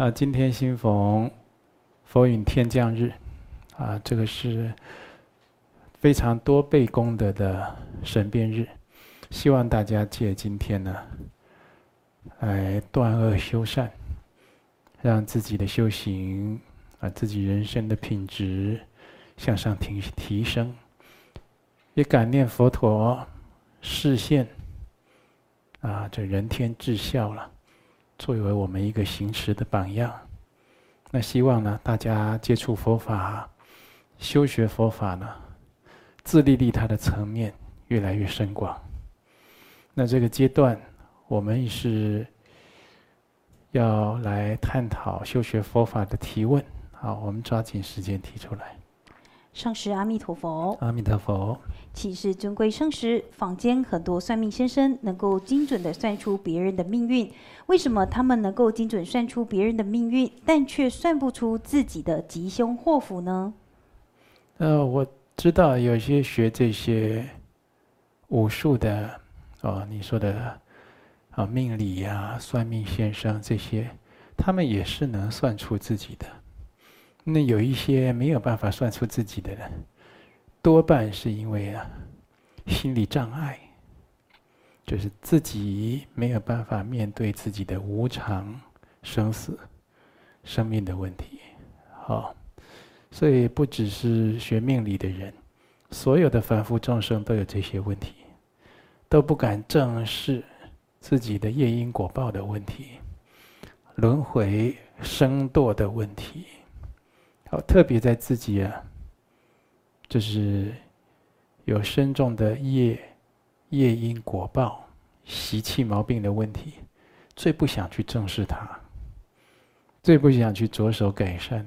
啊，今天欣逢佛影天降日，啊，這個是非常多倍功德的神變日，希望大家借今天呢，來、哎、斷惡修善，讓自己的修行啊，自己人生的品質向上提提升，也感念佛陀示現，啊，這人天至孝了。作為我們一個行持的榜樣，那希望呢，大家接觸佛法、修學佛法呢，自利利他的層面越來越深廣。那這個階段，我們也是要來探討修學佛法的提問。好，我們抓緊時間提出來。上師阿彌陀佛，阿彌陀佛。其實尊貴上師，坊間很多算命先生能夠精準的算出別人的命運，為什麼他們能夠精準算出別人的命運，但却算不出自己的吉凶禍福呢？呃，我知道有些學這些五術的，哦，你說的啊、哦，命理呀、啊，算命先生這些，他們也是能算出自己的。那有一些沒有辦法算出自己的人，多半是因為啊，心理障礙，就是自己沒有辦法面對自己的無常、生死、生命的問題。好，所以不只是學命理的人，所有的凡夫眾生都有這些問題，都不敢正視自己的業因果報的問題、輪迴升墮的問題。好，特別在自己啊，就是有深重的業業因果報，習氣毛病的問題，最不想去正視它，最不想去着手改善。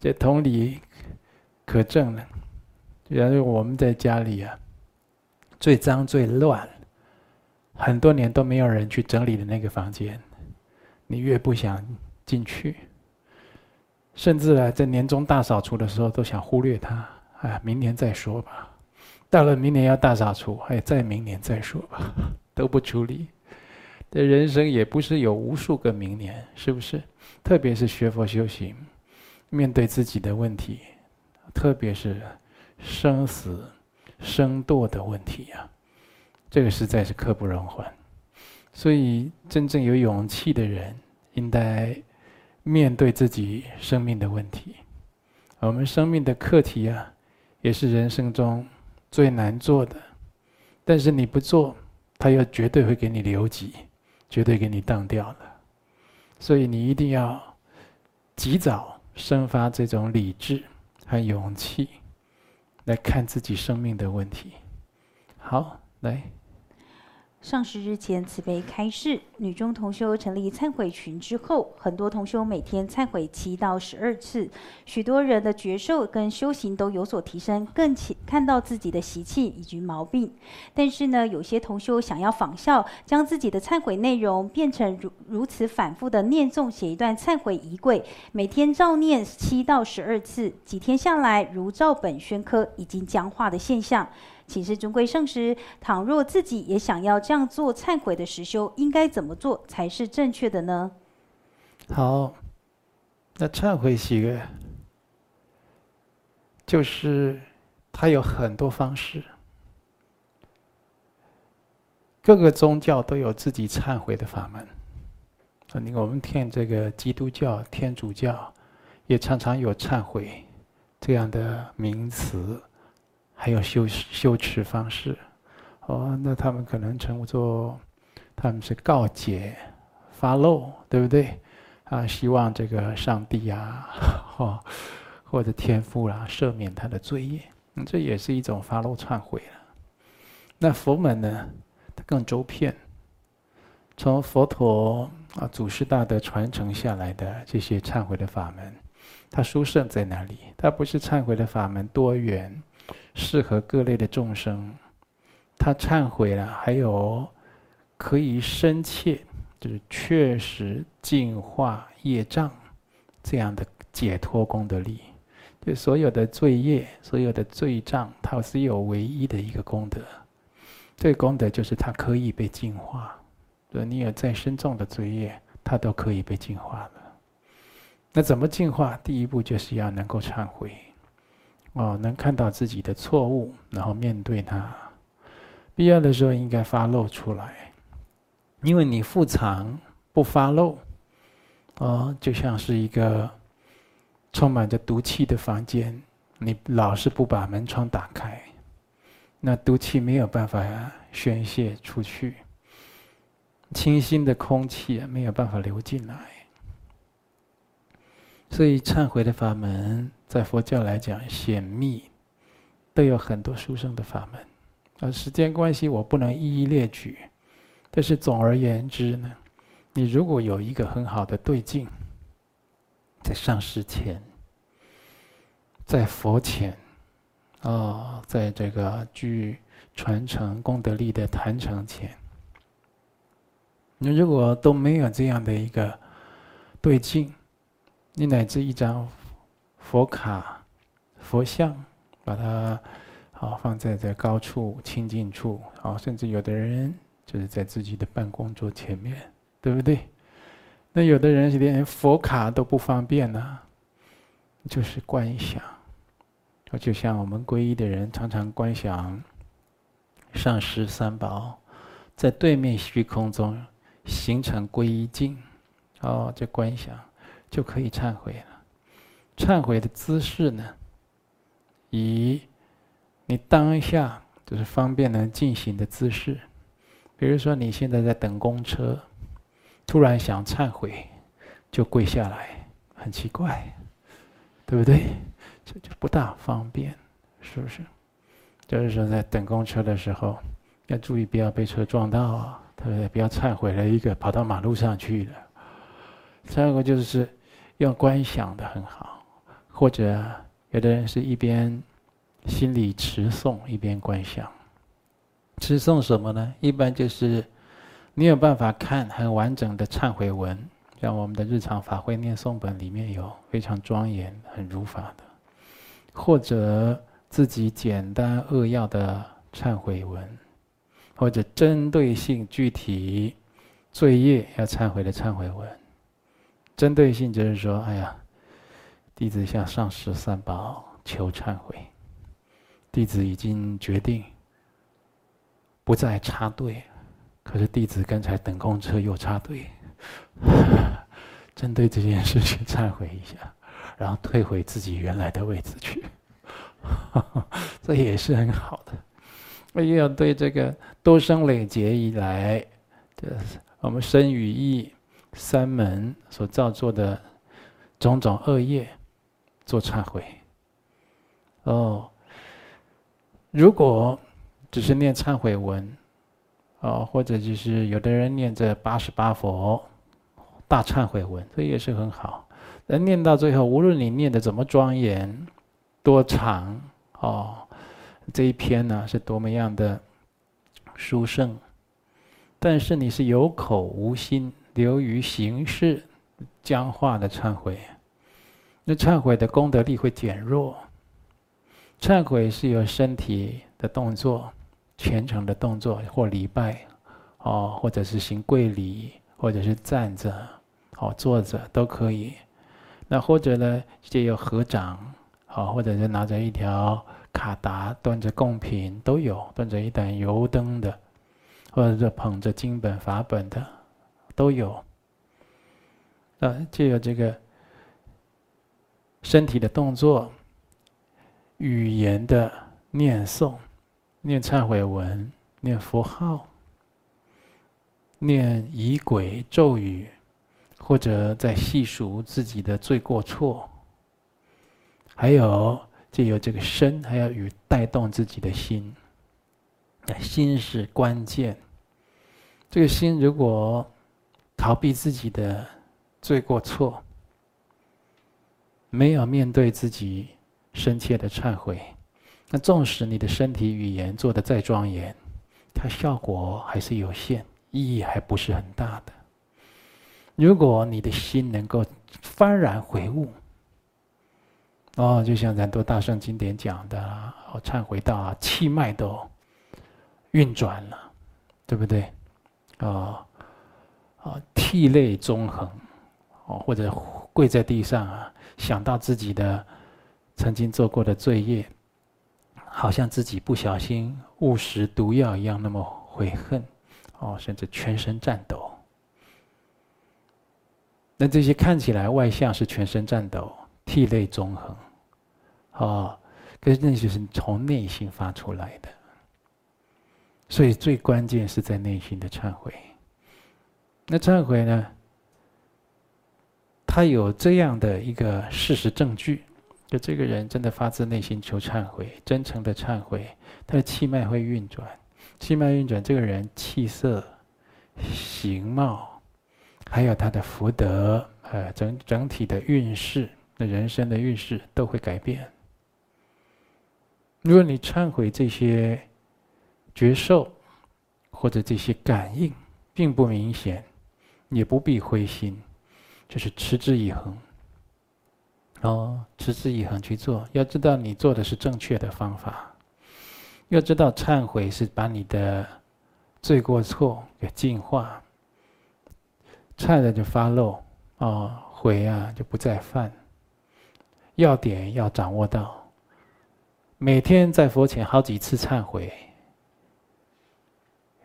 這同理可證了。原來我們在家裡啊，最髒最亂，很多年都沒有人去整理的那個房間，你越不想進去。甚至呢，在年終大掃除的時候，都想忽略它，哎，明年再說吧。到了明年要大掃除，哎，再明年再說吧，都不處理。的人生也不是有無數個明年，是不是？特別是學佛修行，面對自己的問題，特別是生死、生墮的問題呀、啊，這個實在是刻不容緩。所以，真正有勇氣的人，應該。面對自己生命的問題，我們生命的課題啊，也是人生中最難做的。但是你不做，它又絕對會給你留級，絕對給你當掉了，所以你一定要及早生發這種理智和勇氣，來看自己生命的問題。好，來。上師日前慈悲開示，女眾同修成立懺悔群之後，很多同修每天懺悔七到十二次，許多人的覺受跟修行都有所提升，更且看到自己的習氣以及毛病。但是呢，有些同修想要仿效，將自己的懺悔內容變成如如此反覆的念誦，寫一段懺悔儀軌，每天照念七到十二次，幾天下來如照本宣科，已經僵化的現象。其實，尊貴上師，倘若自己也想要這樣做懺悔的實修，應該怎麼做才是正確的呢？好，那懺悔喜悅就是它有很多方式，各個宗教都有自己懺悔的法門。我們聽這個基督教、天主教也常常有懺悔這樣的名詞。還有修修持方式，哦，那他們可能稱作他們是告解、發露，對不對？啊，希望這個上帝呀、啊，或、哦、或者天父、啊、赦免他的罪業，嗯、這也是一種發露懺悔了、啊。那佛門呢，它更周遍，從佛陀啊祖師大德傳承下來的這些懺悔的法門，它殊勝在哪裡？它不是懺悔的法門多元。適合各類的眾生，他懺悔了，還有可以深切，就是確實淨化業障這樣的解脫功德力。就所有的罪業，所有的罪障，它是有唯一的一個功德。這個功德就是它可以被淨化。對，你有再深重的罪業，它都可以被淨化了。那怎麼淨化？第一步就是要能夠懺悔。哦，能看到自己的錯誤，然後面對它，必要的時候應該發露出來，因為你覆藏不發露，哦，就像是一個充滿着毒氣的房間，你老是不把門窗打開，那毒氣沒有辦法宣泄出去，清新的空氣沒有辦法流進來，所以懺悔的法門。在佛教來講，顯密都有很多殊勝的法門。而時間關係，我不能一一列舉。但是總而言之呢，你如果有一個很好的對境在上師前，在佛前，啊、哦，在這個具傳承功德力的壇城前，你如果都沒有這樣的一個對境，你乃至一張。佛卡、佛像，把它好，放在在高處、清淨處，好，甚至有的人就是在自己的辦公桌前面，對不對？那有的人是連佛卡都不方便呢、啊，就是觀想。就像我們皈依的人，常常觀想上師三寶在對面虛空中形成皈依境，哦，這觀想就可以懺悔了。懺悔的姿勢呢？以你當下就是方便能進行的姿勢，比如說你現在在等公車，突然想懺悔，就跪下來，很奇怪，對不對？這就不大方便，是不是？就是說在等公車的時候，要注意不要被車撞到啊，特別不要懺悔了一個跑到馬路上去了。第二個就是要觀想的很好。或者有的人是一邊心裡持誦一邊觀想，持誦什麼呢？一般就是你有辦法看很完整的懺悔文，像我們的日常法會念誦本裡面有非常莊嚴、很如法的，或者自己簡單扼要的懺悔文，或者針對性、具體罪業要懺悔的懺悔文。針對性就是說，哎呀。弟子向上師三寶求懺悔。弟子已經決定不再插隊，可是弟子剛才等公車又插隊， 針對這件事情懺悔一下，然後退回自己原來的位置去， 這也是很好的。那又要對這個多生累劫以來，就是、我們身語意三門所造作的種種惡業。做懺悔，哦，如果只是念懺悔文，啊、哦，或者就是有的人念這八十八佛大懺悔文，這也是很好。但念到最後，無論你念得怎麼莊嚴、多長，哦，這一篇呢是多麼樣的殊勝，但是你是有口無心，流於形式、僵化的懺悔。那懺悔的功德力會減弱。懺悔是由身體的動作、虔誠的動作或禮拜，哦，或者是行跪禮，或者是站着、哦坐着都可以。那或者呢，藉由合掌，哦，或者是拿着一條卡達，端着貢品都有，端着一盞油燈的，或者是捧着經本法本的，都有。呃，藉由這個。身體的動作、語言的念誦、念懺悔文、念佛號、念儀軌咒語，或者在細數自己的罪過錯，還有借由這個身，還要與帶動自己的心。那心是關鍵。這個心如果逃避自己的罪過錯，沒有面對自己深切的懺悔，那縱使你的身體語言做得再莊嚴，它效果還是有限，意義還不是很大的。如果你的心能夠幡然悔悟，哦，就像南多大聖經典講的，哦，懺悔到氣脈都運轉了，對不對？哦哦，涕淚縱橫，哦，或者。跪在地上啊，想到自己的曾經做過的罪業，好像自己不小心誤食毒藥一樣，那麼悔恨，哦，甚至全身顫抖。那這些看起來外相是全身顫抖、涕淚縱橫，哦，可是那些是從內心發出來的。所以最關鍵是在內心的懺悔。那懺悔呢？他有這樣的一個事實證據，就這個人真的發自內心求懺悔，真誠的懺悔，他的氣脈會運轉，氣脈運轉，這個人氣色、形貌，還有他的福德，呃，整整體的運勢，那人生的運勢都會改變。如果你懺悔這些覺受，或者這些感應並不明顯，也不必灰心。就是持之以恆，哦，持之以恆去做。要知道你做的是正確的方法，要知道懺悔是把你的罪過錯給淨化，懺了就發露，啊，悔啊就不再犯。要點要掌握到，每天在佛前好幾次懺悔，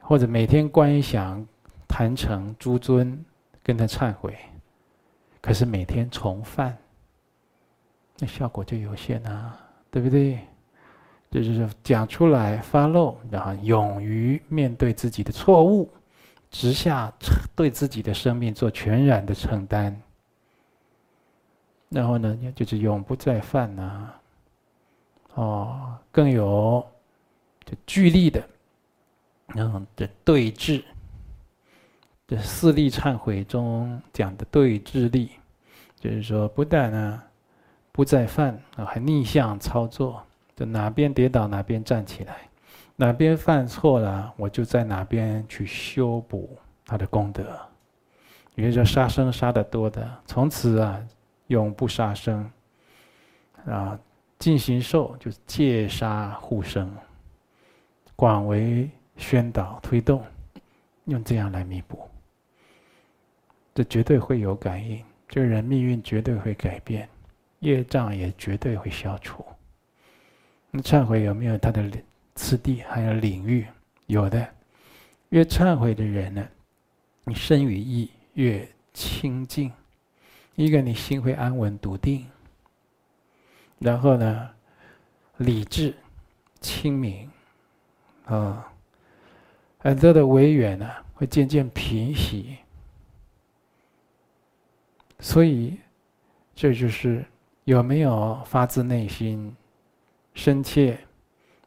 或者每天觀想壇城諸尊跟他懺悔。可是每天重犯，那效果就有限啊，對不對？這就是講出來發露，follow, 然後勇於面對自己的錯誤，直下對自己的生命做全然的承擔。然後呢，就是永不再犯吶、啊。哦，更有就巨力的，那種的對峙。這四力懺悔中講的對治力，就是說不但呢不再犯啊，還逆向操作，就哪邊跌倒哪邊站起來，哪邊犯錯了我就在哪邊去修補他的功德。也就是說殺生殺得多的，從此啊永不殺生啊，盡形壽就是戒殺護生，廣為宣導推動，用這樣來彌補。絕對會有感應，這個人命運絕對會改變，業障也絕對會消除。你懺悔有沒有它的次第還有領域？有的，越懺悔的人呢，你身與意越清淨，一個你心會安穩篤定，然後呢，理智清明，嗯、啊，很多的違緣呢會漸漸平息。所以，這就是有沒有發自內心、深切、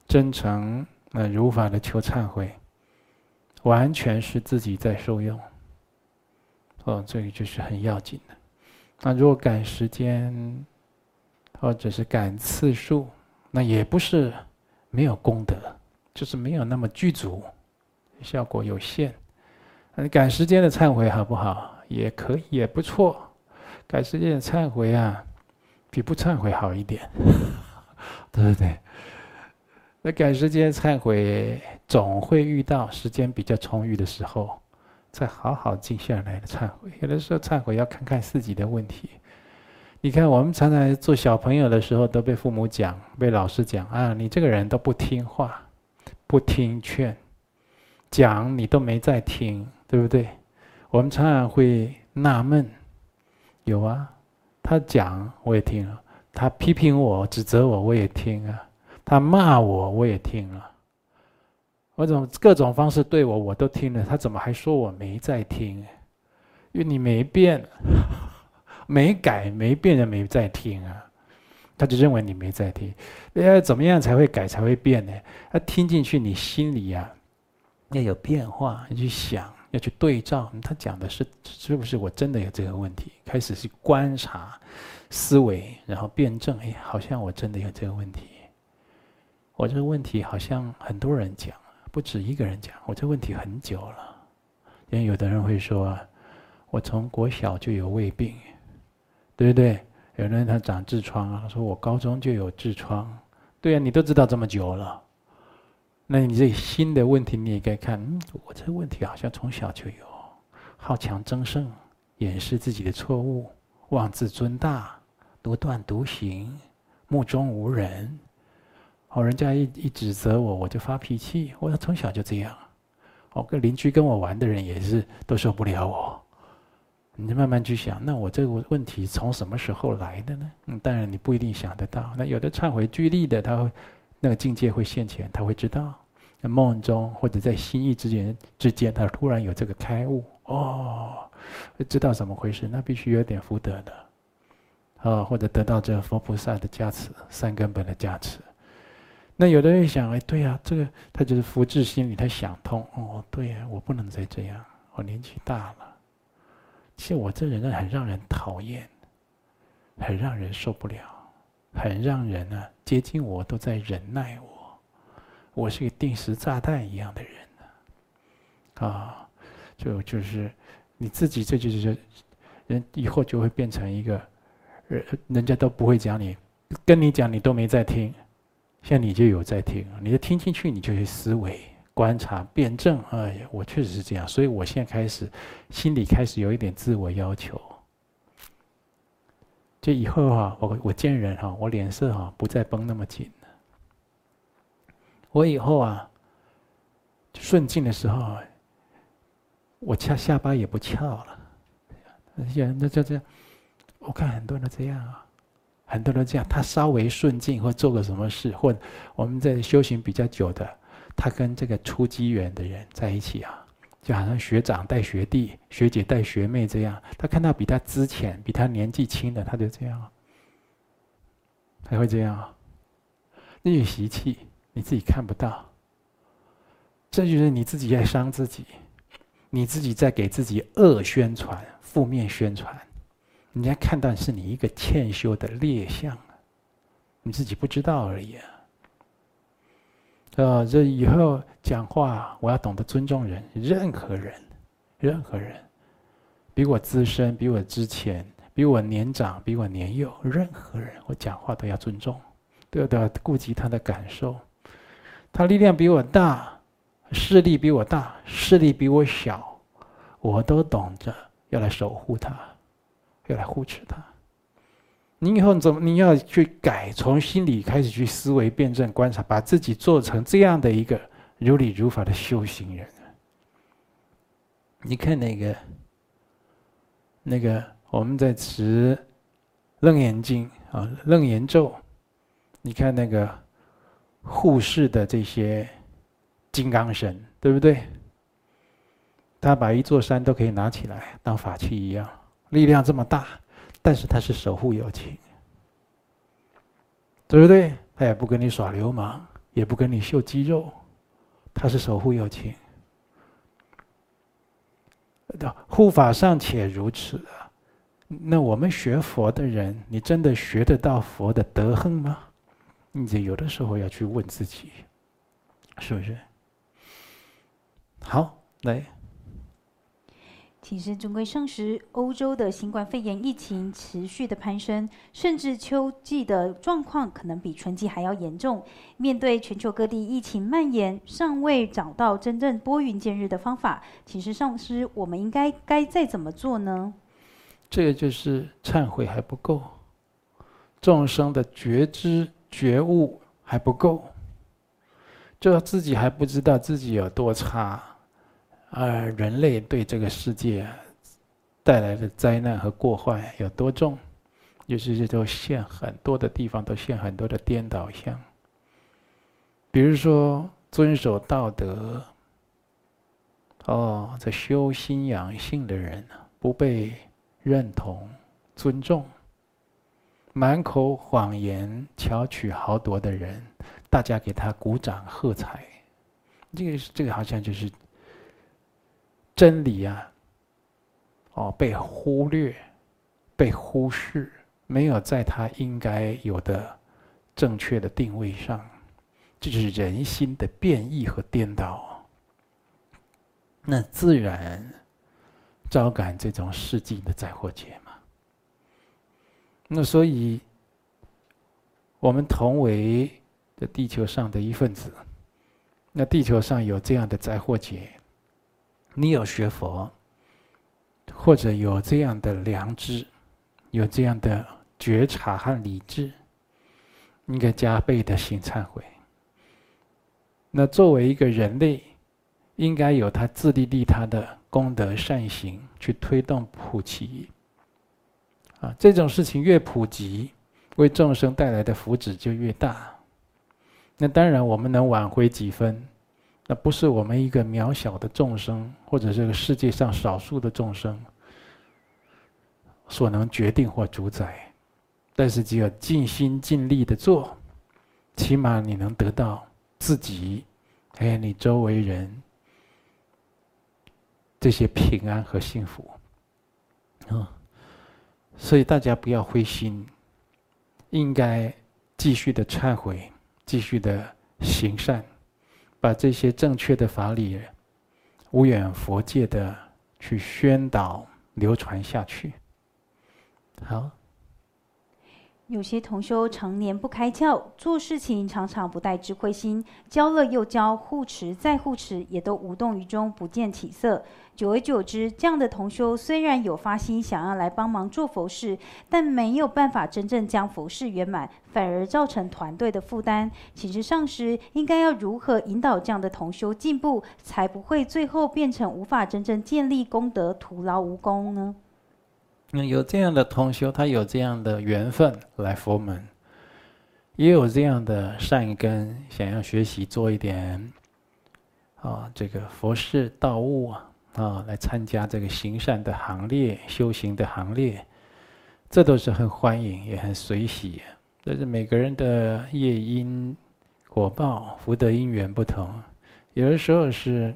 真誠、呃、如法的求懺悔，完全是自己在受用。哦，這個就是很要緊的。那如果趕時間，或者是趕次數，那也不是沒有功德，就是沒有那麼具足，效果有限。那你趕時間的懺悔好不好？也可以，也不錯。趕時間的懺悔啊，比不懺悔好一點， 對不對？那趕時間懺悔，總會遇到時間比較充裕的時候，再好好靜下來懺悔。有的時候懺悔要看看自己的問題。你看，我們常常做小朋友的時候，都被父母講、被老師講啊，你這個人都不聽話，不聽勸，講你都沒在聽，對不對？我們常常會納悶。有啊，他講我也聽了，他批評我、指責我，我也聽啊，他罵我，我也聽了，各種各種方式對我，我都聽了。他怎麼還說我沒在聽？因為你沒變，沒改，沒變也沒在聽啊，他就認為你沒在聽。要怎麼樣才會改才會變呢？他聽進去，你心裡呀要有變化，你去想。要去對照，嗯，他講的是是不是我真的有這個問題？開始去觀察、思維，然後辯證。哎，好像我真的有這個問題。我這個問題好像很多人講，不止一個人講。我這個問題很久了，因為有的人會說，我從國小就有胃病，對不對？有的人他長痔瘡啊，說我高中就有痔瘡，對啊，你都知道這麼久了。那你這個新的問題，你也該看，嗯，我這個問題好像從小就有，好強爭勝，掩飾自己的錯誤，妄自尊大，獨斷獨行，目中無人。哦，人家一一指責我，我就發脾氣。我從小就這樣。哦，跟鄰居跟我玩的人也是都受不了我。你就慢慢去想，那我這個問題從什麼時候來的呢？嗯，當然你不一定想得到。那有的懺悔具力的，他會那個境界會現前，他會知道。在夢中，或者在心意之間之間，他突然有這個開悟哦，知道怎麼回事，那必須有點福德的，啊、哦，或者得到這佛菩薩的加持、三根本的加持。那有的人想，哎，對啊，這個他就是福至心靈，他想通哦，對呀、啊，我不能再這樣，我年紀大了，其實我這人呢，很讓人討厭，很讓人受不了，很讓人呢、啊、接近我都在忍耐我。我是個定時炸彈一樣的人呢，啊，就就是你自己，這就是人以後就會變成一個，人人家都不會講你，跟你講你都沒在聽，像你就有在聽，你就聽進去，你就去思維、觀察、辯證。哎呀，我確實是這樣，所以我現在開始心裡開始有一點自我要求，就以後哈、啊，我我見人哈、啊，我臉色哈、啊、不再繃那麼緊。我以後啊，就順境的時候，我掐下巴也不翹了。那這樣，那就這樣。我看很多人都這樣啊，很多人這樣。他稍微順境或做個什麼事，或我們在修行比較久的，他跟這個初機緣的人在一起啊，就好像學長帶學弟、學姐帶學妹這樣。他看到比他資淺，比他年紀輕的，他就這樣啊，還會這樣啊，那有習氣。你自己看不到，這就是你自己在傷自己，你自己在給自己惡宣傳、負面宣傳。人家看到是你一個欠修的劣相啊，你自己不知道而已啊。呃，這以後講話，我要懂得尊重人，任何人，任何人，比我資深、比我之前、比我年長、比我年幼，任何人，我講話都要尊重，都要顧及他的感受。他力量比我大，勢力比我大，勢力比我小，我都懂得，要來守護他，要來護持他。你以後怎麼？你要去改，從心裡開始去思維、辯證、觀察，把自己做成這樣的一個如理如法的修行人。你看那個，那個我們在持《楞嚴經》啊、哦，《楞嚴咒》，你看那個。護世的這些金剛神，對不對？他把一座山都可以拿起來當法器一樣，力量這麼大，但是他是守護有情，對不對？他也不跟你耍流氓，也不跟你秀肌肉，他是守護有情。護法尚且如此，那我們學佛的人，你真的學得到佛的德行嗎？你這有的時候要去問自己，是不是？好，來。其實，尊貴上師，歐洲的新冠肺炎疫情持續的攀升，甚至秋季的狀況可能比春季還要嚴重。面對全球各地疫情蔓延，尚未找到真正撥雲見日的方法。其實，上師，我們應該該再怎麼做呢？這也就是懺悔還不夠，眾生的覺知。覺悟還不夠，就自己還不知道自己有多差，而人類對這個世界帶來的災難和過患有多重，尤其是都現很多的地方都現很多的顛倒相。比如說遵守道德，哦，這修心養性的人不被認同、尊重。滿口謊言、巧取豪奪的人，大家給他鼓掌喝彩。這個，這個好像就是真理啊！哦，被忽略、被忽視，沒有在他應該有的正確的定位上，這就是人心的變異和顛倒。那自然招感這種世間的災禍劫。那所以，我們同為這地球上的一份子，那地球上有這樣的災禍劫，你有學佛，或者有這樣的良知，有這樣的覺察和理智，應該加倍的行懺悔。那作為一個人類，應該有他自利利他的功德善行，去推動普及。啊，這種事情越普及，為眾生帶來的福祉就越大。那當然，我們能挽回幾分，那不是我們一個渺小的眾生，或者這個世界上少數的眾生所能決定或主宰。但是，只有盡心盡力的做，起碼你能得到自己，還有你周圍人這些平安和幸福啊。所以大家不要灰心，應該繼續的懺悔，繼續的行善，把這些正確的法理無遠弗屆的去宣導、流傳下去。好，有些同修常年不開竅，做事情常常不帶智慧心，教了又教，護持再護持，也都無動於衷，不見起色。久而久之，這樣的同修雖然有發心想要來幫忙做佛事，但沒有辦法真正將佛事圓滿，反而造成團隊的負擔。其實上師應該要如何引導這樣的同修進步，才不會最後變成無法真正建立功德、徒勞無功呢？有這樣的同修，他有這樣的緣分來佛門，也有這樣的善根，想要學習做一點啊，這個佛事道務啊。啊、哦，來參加這個行善的行列、修行的行列，這都是很歡迎，也很隨喜。但是每個人的業因、果報、福德因緣不同。有的時候是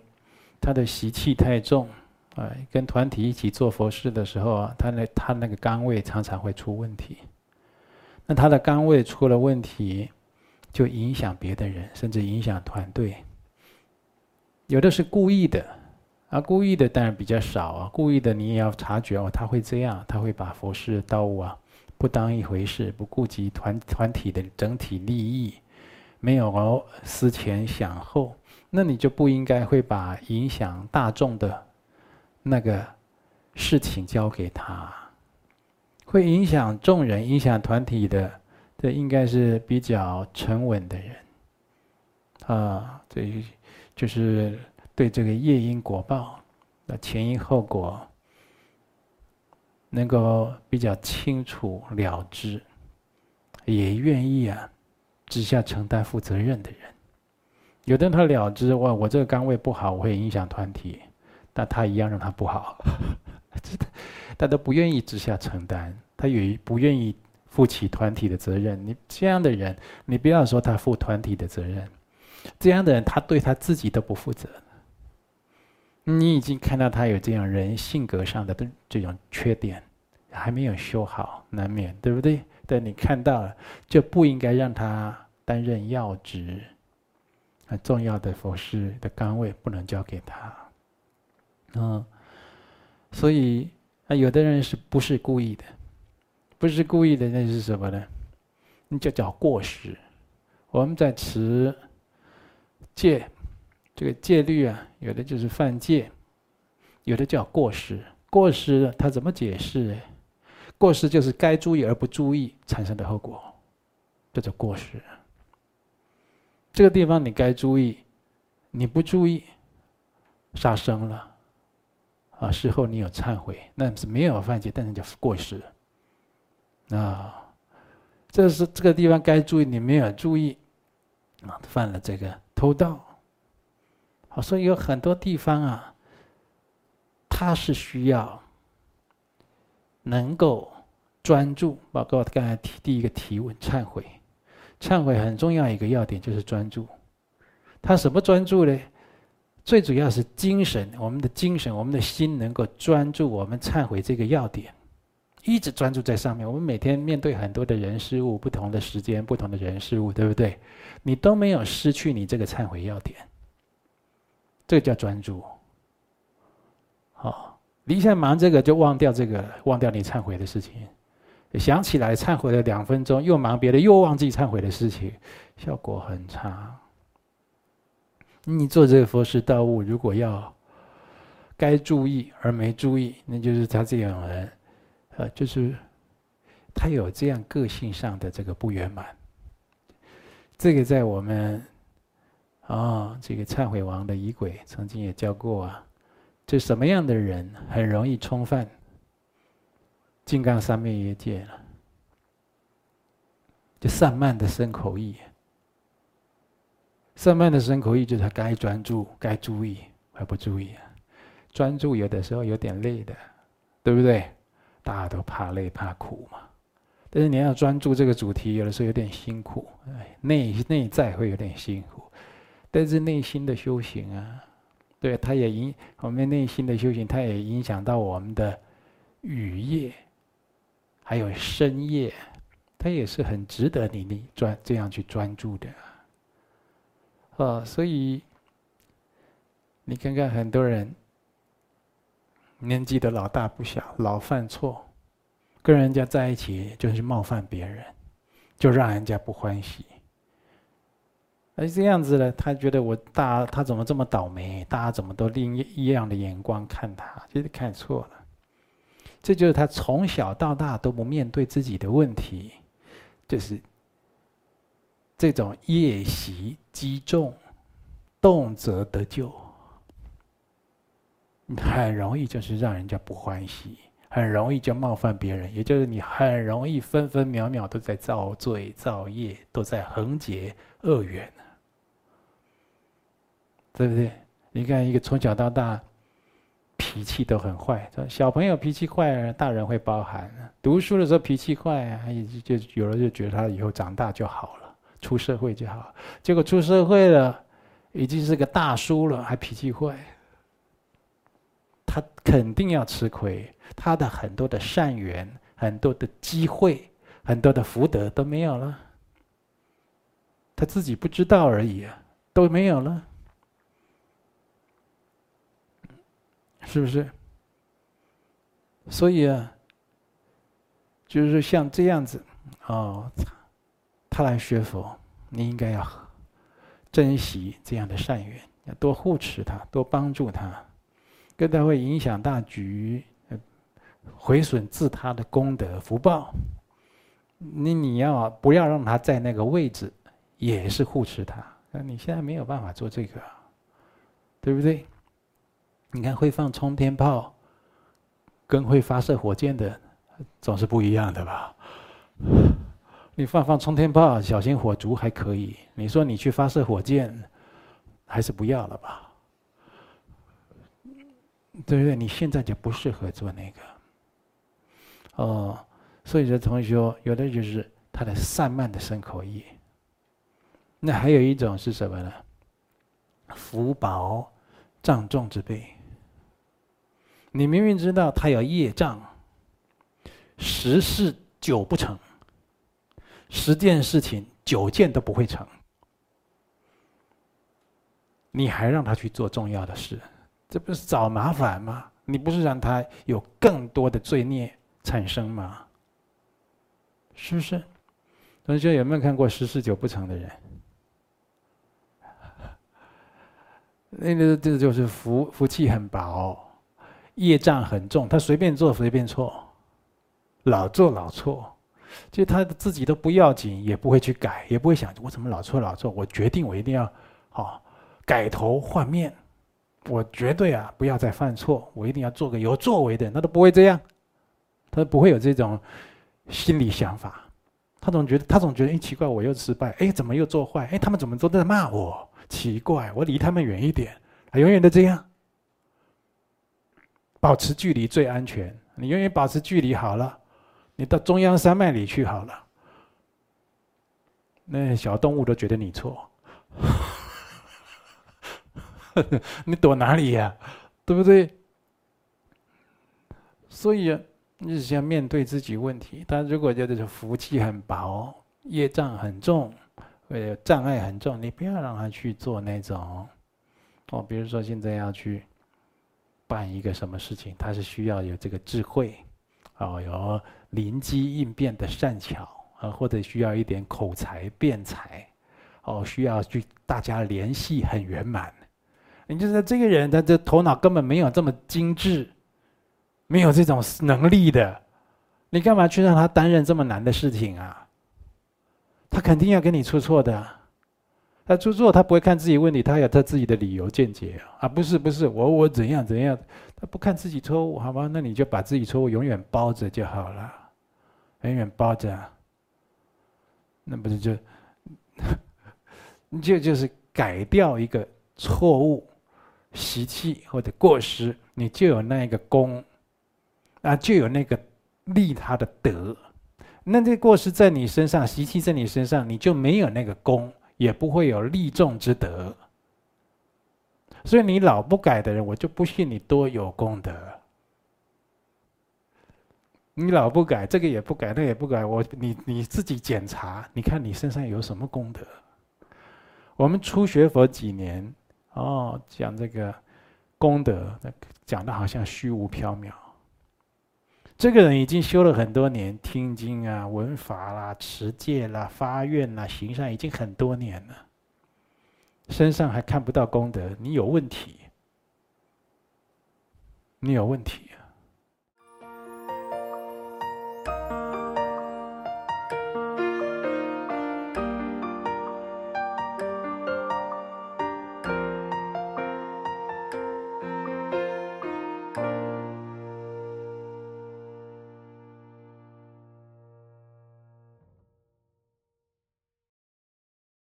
他的習氣太重啊、呃，跟團體一起做佛事的時候，他那他那個崗位常常會出問題。那他的崗位出了問題，就影響別的人，甚至影響團隊。有的是故意的。啊，故意的當然比較少啊。故意的你也要察覺哦，他會這樣，他會把佛事道務啊，不當一回事，不顧及團團體的整體利益，沒有思前想後，那你就不應該會把影響大眾的那個事情交給他，會影響眾人、影響團體的，這應該是比較沉穩的人啊。這就是。對這個業因果報，那前因後果能夠比較清楚了知，也願意啊，直下承擔負責任的人，有的人他了知，哇，我這個崗位不好，我會影響團體，但他一樣讓他不好，他都不願意直下承擔，他也不願意負起團體的責任。你這樣的人，你不要說他負團體的責任，這樣的人他對他自己都不負責。你已經看到他有這樣人性格上的這種缺點，還沒有修好，難免，對不對？但你看到了，就不應該讓他擔任要職，很重要的佛事的崗位不能交給他，嗯。所以啊，有的人是不是故意的？不是故意的，那是什麼呢？你就叫過失。我們在持戒。這個戒律啊，有的就是犯戒，有的叫過失。過失它怎麼解釋？過失就是該注意而不注意產生的後果，這叫過失。這個地方你該注意，你不注意，殺生了，啊，事後你有懺悔，那是沒有犯戒，但是叫過失。啊，哦，這是這個地方該注意你沒有注意，犯了這個偷盜。所以有很多地方啊，它是需要能夠專注。包括剛才提第一個提問，懺悔，懺悔很重要一個要點就是專注。它什麼專注呢？最主要是精神，我們的精神，我們的心能夠專注我們懺悔這個要點，一直專注在上面。我們每天面對很多的人事物，不同的時間，不同的人事物，對不對？你都沒有失去你這個懺悔要點。這個叫專注，好，你一下忙這個就忘掉這個，忘掉你懺悔的事情，想起來懺悔了兩分鐘，又忙別的，又忘記懺悔的事情，效果很差。你做這個佛事道務，如果要該注意而沒注意，那就是他這樣的人，就是他有這樣個性上的這個不圓滿，這個在我們。啊、哦，這個懺悔王的儀軌曾經也教過啊，就什麼樣的人很容易衝犯金剛三昧耶戒呢？就散漫的身口意，散漫的身口意就是他該專注該注意而不注意啊。專注有的時候有點累的，對不對？大家都怕累怕苦嘛，但是你要專注這個主題，有的時候有點辛苦，對對內內在會有點辛苦。但是內心的修行啊，對，它也影我們內心的修行，它也影響到我們的語業，還有身業，它也是很值得你你專這樣去專注的，啊，所以你看看很多人年紀的老大不小，老犯錯，跟人家在一起就是冒犯別人，就讓人家不歡喜。而這樣子呢，他覺得我大，他怎麼這麼倒霉？大家怎麼都另一一樣的眼光看他，就是看錯了。這就是他從小到大都不面對自己的問題，就是這種業習積重，動輒得咎。很容易就是讓人家不歡喜，很容易就冒犯別人。也就是你很容易分分秒秒都在造罪造業，都在橫結惡緣。對不對？你看，一個從小到大，脾氣都很壞。小朋友脾氣壞，大人會包涵；讀書的時候脾氣壞，就有人就覺得他以後長大就好了，出社會就好。結果出社會了，已經是個大叔了，還脾氣壞。他肯定要吃虧，他的很多的善緣、很多的機會、很多的福德都沒有了。他自己不知道而已啊，都沒有了。是不是？所以啊，就是像這樣子，哦，他來學佛，你應該要珍惜這樣的善緣，要多護持他，多幫助他，更他會影響大局，呃，毀損自他的功德福報。那你，你要不要讓他在那個位置，也是護持他？那你現在沒有辦法做這個，對不對？你看會放沖天炮，跟會發射火箭的總是不一樣的吧？你放放沖天炮，小心火燭還可以。你說你去發射火箭，還是不要了吧？對不對？你現在就不適合做那個。哦，所以說同學有的就是他的散漫的身口意。那還有一種是什麼呢？福薄、障重之輩。你明明知道他有業障，十事九不成，十件事情九件都不會成，你還讓他去做重要的事，這不是找麻煩嗎？你不是讓他有更多的罪孽產生嗎？是不是？同學有沒有看過十事九不成的人？那個這就是福，福氣很薄，業障很重，他隨便做隨便錯，老做老錯，就他自己都不要緊，也不會去改，也不會想我怎麼老錯老錯。我決定我一定要，好改頭換面，我絕對啊不要再犯錯，我一定要做個有作為的。他都不會這樣，他不會有這種心理想法，他總覺得他總覺得，哎奇怪我又失敗，哎怎麼又做壞，哎他們怎麼都在罵我，奇怪我離他們遠一點，他永遠都這樣。保持距離最安全。你永遠保持距離好了，你到中央山脈裡去好了。那小動物都覺得你錯， 你躲哪裡呀、啊？對不對？所以你只、就是、要面對自己問題。他如果覺得是福氣很薄、業障很重、或者障礙很重，你不要讓他去做那種哦。比如說現在要去。辦一個什麼事情，他是需要有這個智慧，哦，有靈機應變的善巧，啊，或者需要一點口才辯才，哦，需要去大家聯繫很圓滿。你就是這個人，他的頭腦根本沒有這麼精緻，沒有這種能力的，你幹嘛去讓他擔任這麼難的事情啊？他肯定要跟你出錯的。他出錯，他不會看自己問題，他有他自己的理由見解啊！不是不是，我我怎樣怎樣，他不看自己錯誤好吧，那你就把自己錯誤永遠包着就好了，永遠包着、啊，那不是就，你就就是改掉一個錯誤習氣或者過失，你就有那一個功，啊，就有那個利他的德。那這個過失在你身上，習氣在你身上，你就沒有那個功。也不會有利眾之德，所以你老不改的人，我就不信你多有功德。你老不改，這個也不改，那個也不改，我你你自己檢查，你看你身上有什麼功德？我們初學佛幾年，哦，講這個功德，那講的好像虛無縹緲。這個人已經修了很多年，聽經啊、聞法啦、啊、持戒啦、啊、發願啦、啊、行善，已經很多年了，身上還看不到功德，你有問題，你有問題。